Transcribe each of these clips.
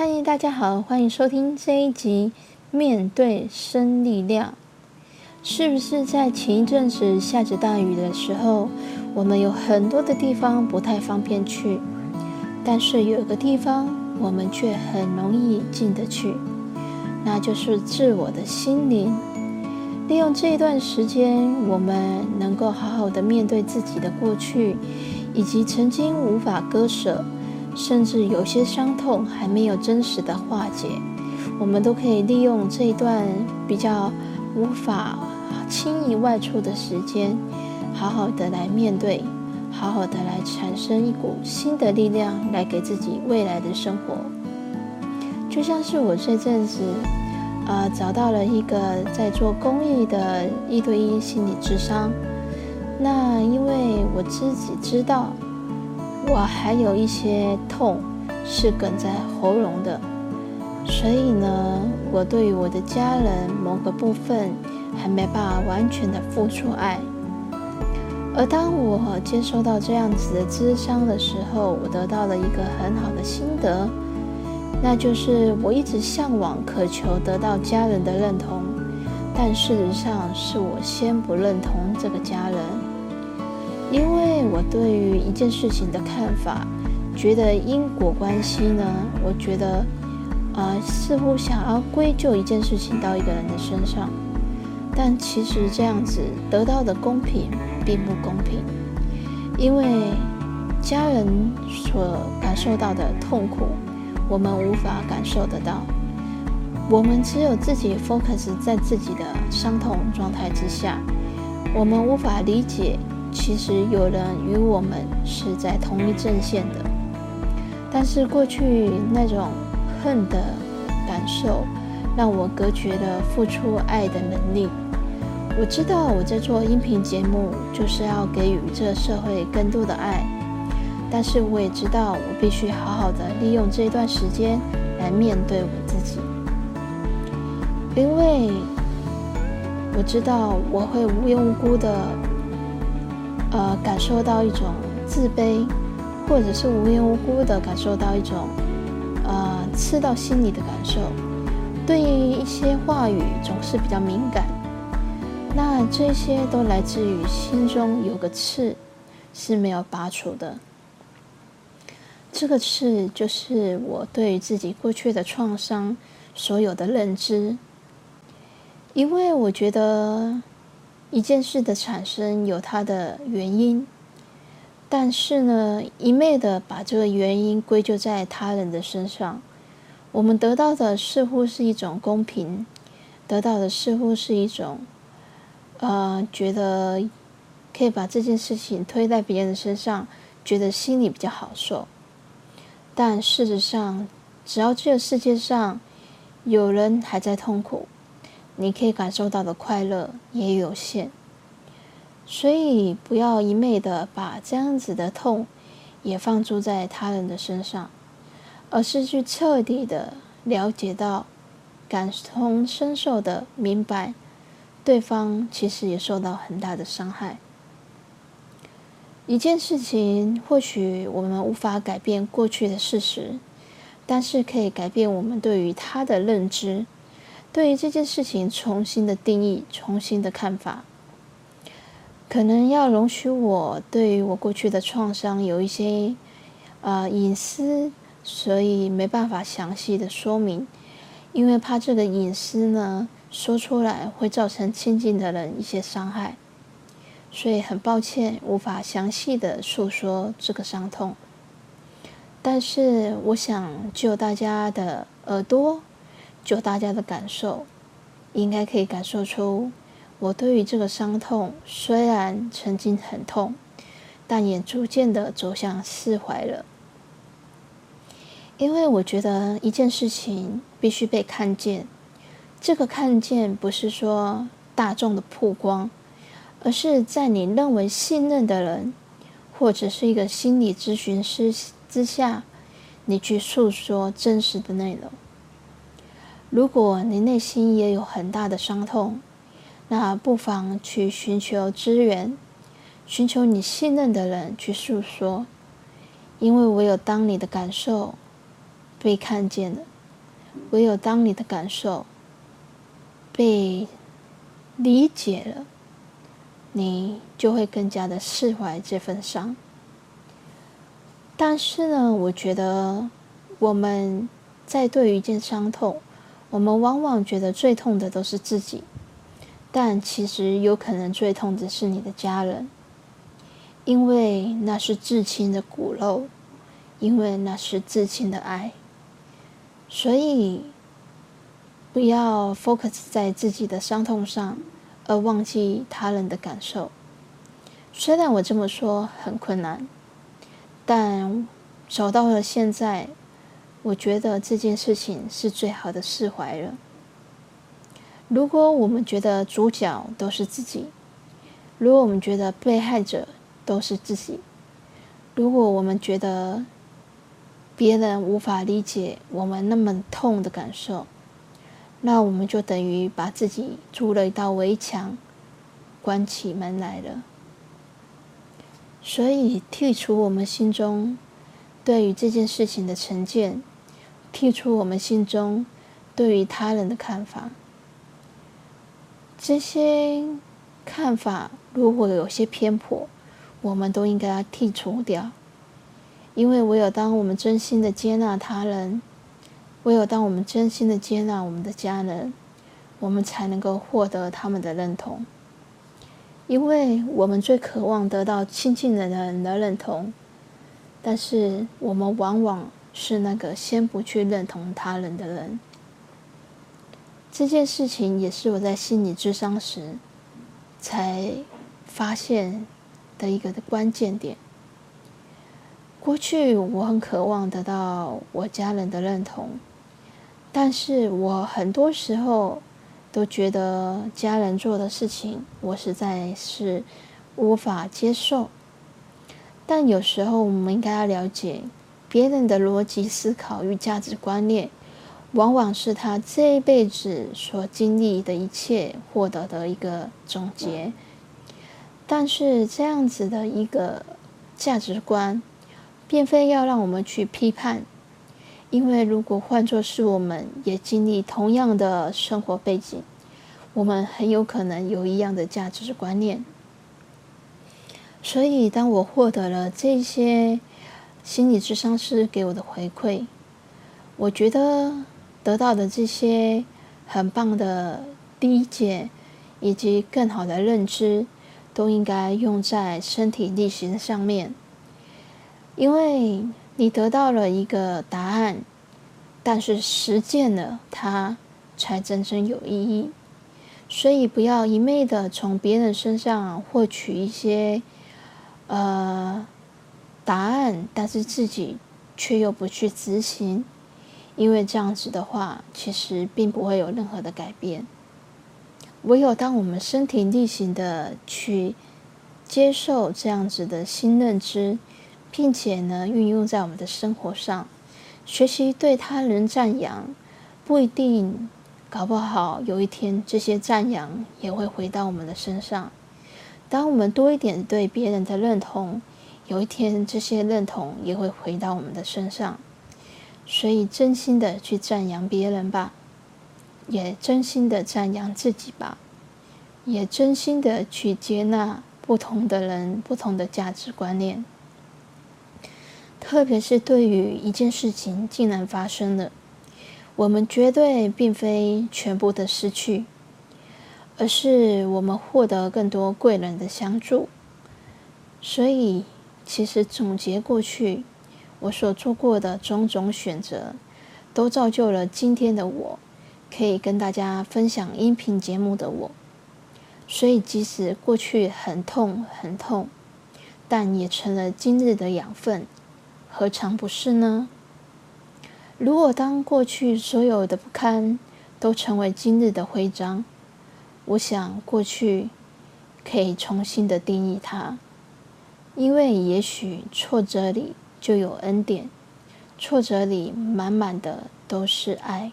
嗨，大家好，歡迎收聽這一集《面對生力量》。是不是在前一陣子下着大雨的時候，我們有很多的地方不太方便去？但是有個地方，我們卻很容易進得去，那就是自我的心靈。利用這一段時間，我們能夠好好的面對自己的過去，以及曾經無法割捨。甚至有些傷痛還沒有真實的化解，我們都可以利用這一段比較無法輕易外出的時間，好好的來面對，好好的來產生一股新的力量，來給自己未來的生活。就像是我這陣子，啊、呃，找到了一個在做公益的一對一心理諮商，那因為我自己知道。我還有一些痛是哽在喉嚨的，所以呢，我對於我的家人某個部分還沒辦法完全的付出愛。而當我接受到這樣子的諮商的時候，我得到了一個很好的心得，那就是我一直嚮往、渴求得到家人的認同，但事實上是我先不認同這個家人。因為我對於一件事情的看法，覺得因果關係呢，我覺得啊、呃，似乎想要歸咎一件事情到一個人的身上，但其實這樣子得到的公平並不公平，因為家人所感受到的痛苦，我們無法感受得到，我們只有自己 focus 在自己的傷痛狀態之下，我們無法理解。其實有人與我們是在同一陣線的，但是過去那種恨的感受，讓我隔絕了付出愛的能力。我知道我在做音頻節目，就是要給予這社會更多的愛，但是我也知道我必須好好的利用這一段時間來面對我自己，因為我知道我會無緣無故的。呃，感受到一種自卑，或者是無緣無故的感受到一種呃刺到心裡的感受，對於一些話語總是比較敏感。那這些都來自於心中有個刺是沒有拔除的。這個刺就是我對自己過去的創傷所有的認知，因為我覺得。一件事的產生有它的原因，但是呢，一昧的把這個原因歸咎在他人的身上，我們得到的似乎是一種公平，得到的似乎是一種，呃，覺得可以把這件事情推在別人的身上，覺得心裡比較好受。但事實上，只要這個世界上有人還在痛苦。你可以感受到的快樂也有限，所以不要一昧的把這樣子的痛也放諸在他人的身上，而是去徹底的了解到、感同身受的明白，對方其實也受到很大的傷害。一件事情，或許我們無法改變過去的事實，但是可以改變我們對於他的認知。對於這件事情重新的定義、重新的看法，可能要容許我對於我過去的創傷有一些呃隱私，所以沒辦法詳細的說明，因為怕這個隱私呢說出來會造成親近的人一些傷害，所以很抱歉無法詳細的訴說這個傷痛。但是我想，就大家的耳朵。就大家的感受，應該可以感受出，我對於這個傷痛，雖然曾經很痛，但也逐漸的走向釋懷了。因為我覺得一件事情必須被看見，這個看見不是說大眾的曝光，而是在你認為信任的人，或者是一個心理諮詢師之下，你去訴說真實的內容。如果你內心也有很大的傷痛，那不妨去尋求支援，尋求你信任的人去訴說。因為唯有當你的感受被看見了，唯有當你的感受被理解了，你就會更加的釋懷這份傷。但是呢，我覺得我們在對於一件傷痛，我們往往覺得最痛的都是自己，但其實有可能最痛的是你的家人，因為那是至親的骨肉，因為那是至親的愛，所以不要 focus 在自己的傷痛上，而忘記他人的感受。雖然我這麼說很困難，但走到了現在。我覺得這件事情是最好的釋懷了。如果我們覺得主角都是自己，如果我們覺得被害者都是自己，如果我們覺得別人無法理解我們那麼痛的感受，那我們就等於把自己築了一道圍牆，關起門來了。所以，剔除我們心中對於這件事情的成見。剔除我們心中對於他人的看法，這些看法如果有些偏頗，我們都應該要剔除掉。因為唯有當我們真心的接納他人，唯有當我們真心的接納我們的家人，我們才能夠獲得他們的認同。因為我們最渴望得到親近的人的認同，但是我們往往。是那個先不去認同他人的人。這件事情也是我在心理諮商時，才發現的一個的關鍵點。過去我很渴望得到我家人的認同，但是我很多時候都覺得家人做的事情，我實在是無法接受。但有時候我們應該要了解。別人的邏輯思考與價值觀念，往往是他這一輩子所經歷的一切獲得的一個總結。但是這樣子的一個價值觀，並非要讓我們去批判，因為如果換作是我們，也經歷同樣的生活背景，我們很有可能有一樣的價值觀念。所以，當我獲得了這些。心理諮商師給我的回饋，我覺得得到的這些很棒的理解，以及更好的認知，都應該用在身體力行上面。因為你得到了一個答案，但是實踐了它才真正有意義。所以不要一味的從別人身上獲取一些，呃。答案，但是自己卻又不去執行，因為這樣子的話，其實並不會有任何的改變。唯有當我們身體力行的去接受這樣子的新認知，並且呢運用在我們的生活上，學習對他人讚揚，不一定，搞不好有一天這些讚揚也會回到我們的身上。當我們多一點對別人的認同。有一天，這些認同也會回到我們的身上，所以真心的去讚揚別人吧，也真心的讚揚自己吧，也真心的去接納不同的人、不同的價值觀念。特別是對於一件事情竟然發生了，我們絕對並非全部的失去，而是我們獲得更多貴人的相助，所以。其實總結過去，我所做過的種種選擇，都造就了今天的我，可以跟大家分享音頻節目的我。所以，即使過去很痛很痛，但也成了今日的養分，何嘗不是呢？如果當過去所有的不堪都成為今日的徽章，我想過去可以重新的定義它。因為也許挫折裡就有恩典，挫折裡滿滿的都是愛。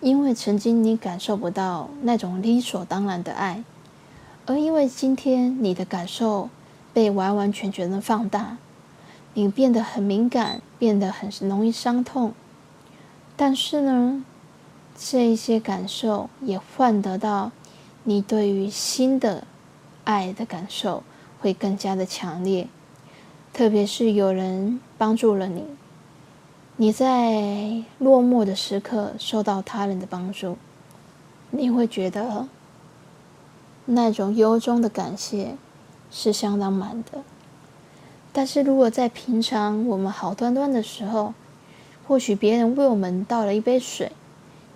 因為曾經你感受不到那種理所當然的愛，而因為今天你的感受被完完全全的放大，你變得很敏感，變得很容易傷痛。但是呢，這一些感受也換得到你對於新的愛的感受，會更加的強烈，特別是有人幫助了你，你在落寞的時刻受到他人的幫助，你會覺得那種由衷的感謝是相當滿的。但是如果在平常我們好端端的時候，或許別人為我們倒了一杯水，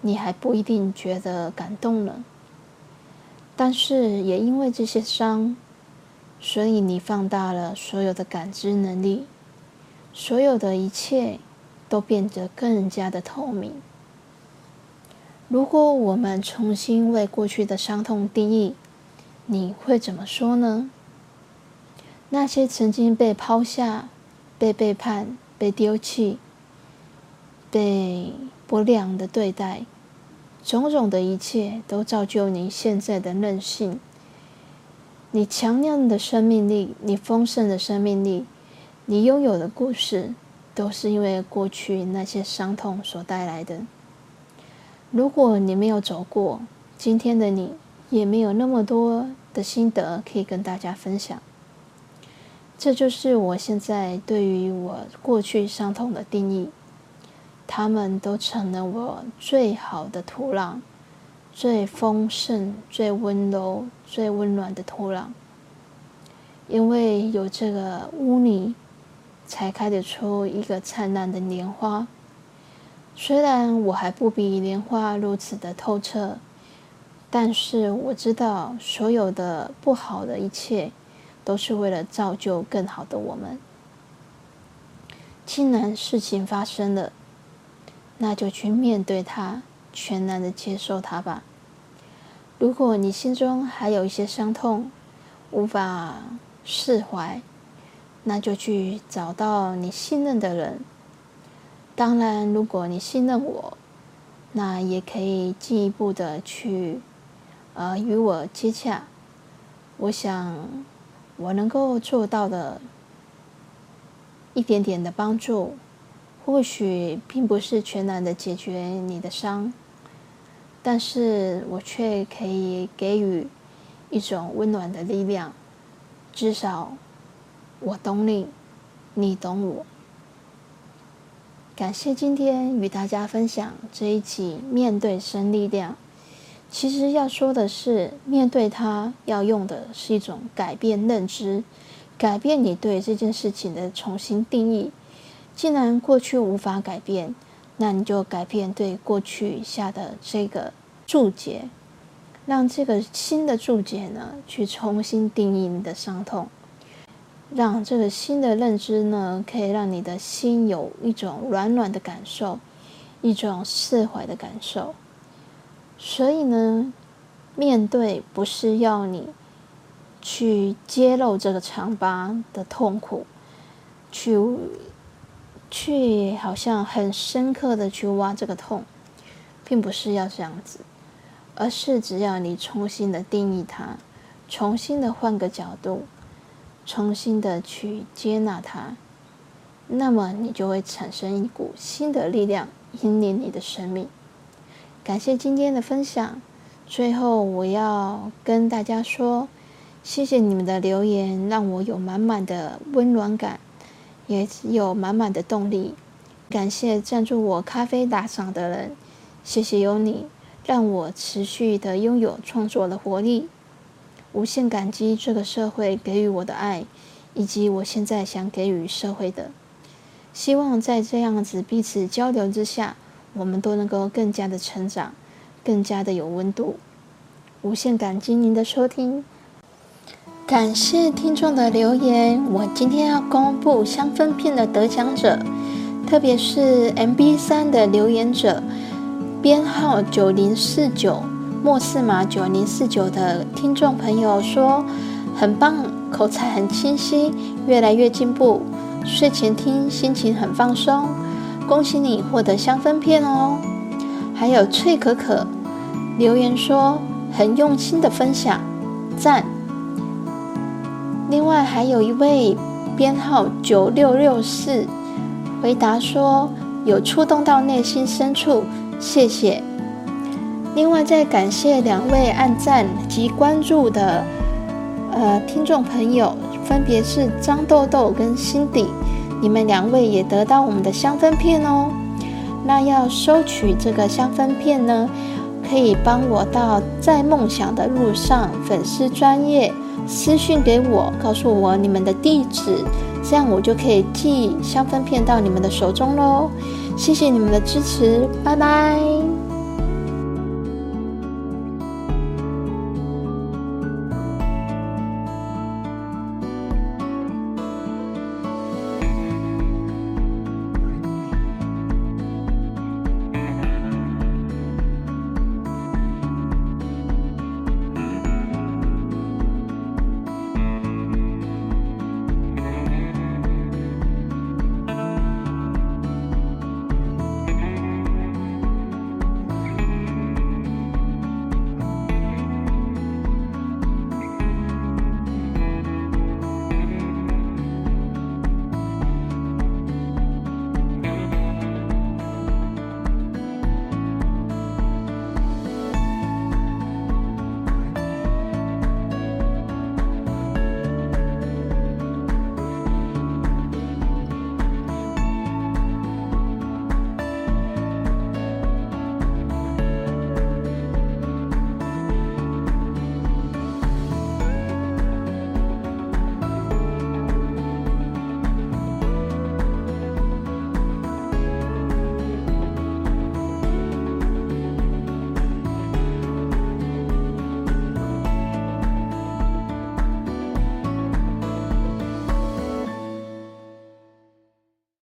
你還不一定覺得感動了。但是也因為這些傷。所以你放大了所有的感知能力，所有的一切都變得更加的透明。如果我們重新為過去的傷痛定義，你會怎麼說呢？那些曾經被拋下、被背叛、被丟棄、被不良的對待，種種的一切，都造就你現在的韌性。你強韌的生命力，你豐盛的生命力，你擁有的故事，都是因為過去那些傷痛所帶來的。如果你沒有走過，今天的你也沒有那麼多的心得可以跟大家分享。這就是我現在對於我過去傷痛的定義，它們都成了我最好的土壤。最豐盛、最溫柔、最溫暖的土壤，因為有這個污泥，才開得出一個燦爛的蓮花。雖然我還不比蓮花如此的透徹，但是我知道，所有的不好的一切，都是為了造就更好的我們。既然事情發生了，那就去面對它。全然的接受它吧。如果你心中還有一些傷痛，無法釋懷，那就去找到你信任的人。當然，如果你信任我，那也可以進一步的去，呃，與我接洽。我想，我能夠做到的，一點點的幫助，或許並不是全然的解決你的傷。但是我卻可以給予一種溫暖的力量，至少我懂你，你懂我。感謝今天與大家分享這一集《面對生力量》。其實要說的是，面對它要用的是一種改變認知，改變你對這件事情的重新定義。既然過去無法改變。那你就改變對過去下的這個注解，讓這個新的注解呢，去重新定義你的傷痛，讓這個新的認知呢，可以讓你的心有一種軟軟的感受，一種釋懷的感受。所以呢，面對不是要你去揭露這個傷疤的痛苦，去。去好像很深刻的去挖這個痛，並不是要這樣子，而是只要你重新的定義它，重新的換個角度，重新的去接納它，那麼你就會產生一股新的力量，引領你的生命。感謝今天的分享，最後我要跟大家說，謝謝你們的留言，讓我有滿滿的溫暖感。也有滿滿的動力，感謝贊助我咖啡打賞的人，謝謝有你，讓我持續的擁有創作的活力。無限感激這個社會給予我的愛，以及我現在想給予社會的。希望在這樣子彼此交流之下，我們都能夠更加的成長，更加的有溫度。無限感激您的收聽。感謝聽眾的留言。我今天要公布香氛片的得獎者，特別是 MB 三的留言者，編號九零四九莫四瑪九零四九的聽眾朋友說很棒，口才很清晰，越來越進步，睡前聽心情很放鬆。恭喜你獲得香氛片哦！還有脆可可留言說很用心的分享，讚。另外還有一位編號九六六四，回答說有觸動到內心深處，謝謝。另外再感謝兩位按讚及關注的呃聽眾朋友，分別是張豆豆跟辛迪，你們兩位也得到我們的香氛片哦。那要收取這個香氛片呢，可以幫我到在夢想的路上粉絲專頁，私訊給我，告訴我你們的地址，這樣我就可以寄香氛片到你們的手中嘍。謝謝你們的支持，拜拜。